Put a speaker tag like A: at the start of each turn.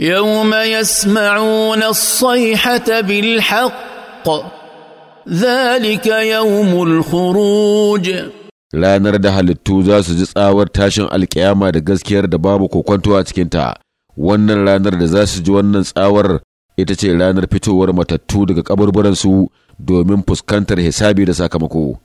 A: يوم يسمعون الصيحه بالحق ذلك يوم الخروج
B: ranar da halittu za su ji tsawar tashin alkiyama da gaskiyar da babu kokwanto a cikinta wannan ranar da za su ji wannan tsawar ita ce ranar fitowar matattu daga kaburburansu
C: domin fuskantar hisabi da sakamako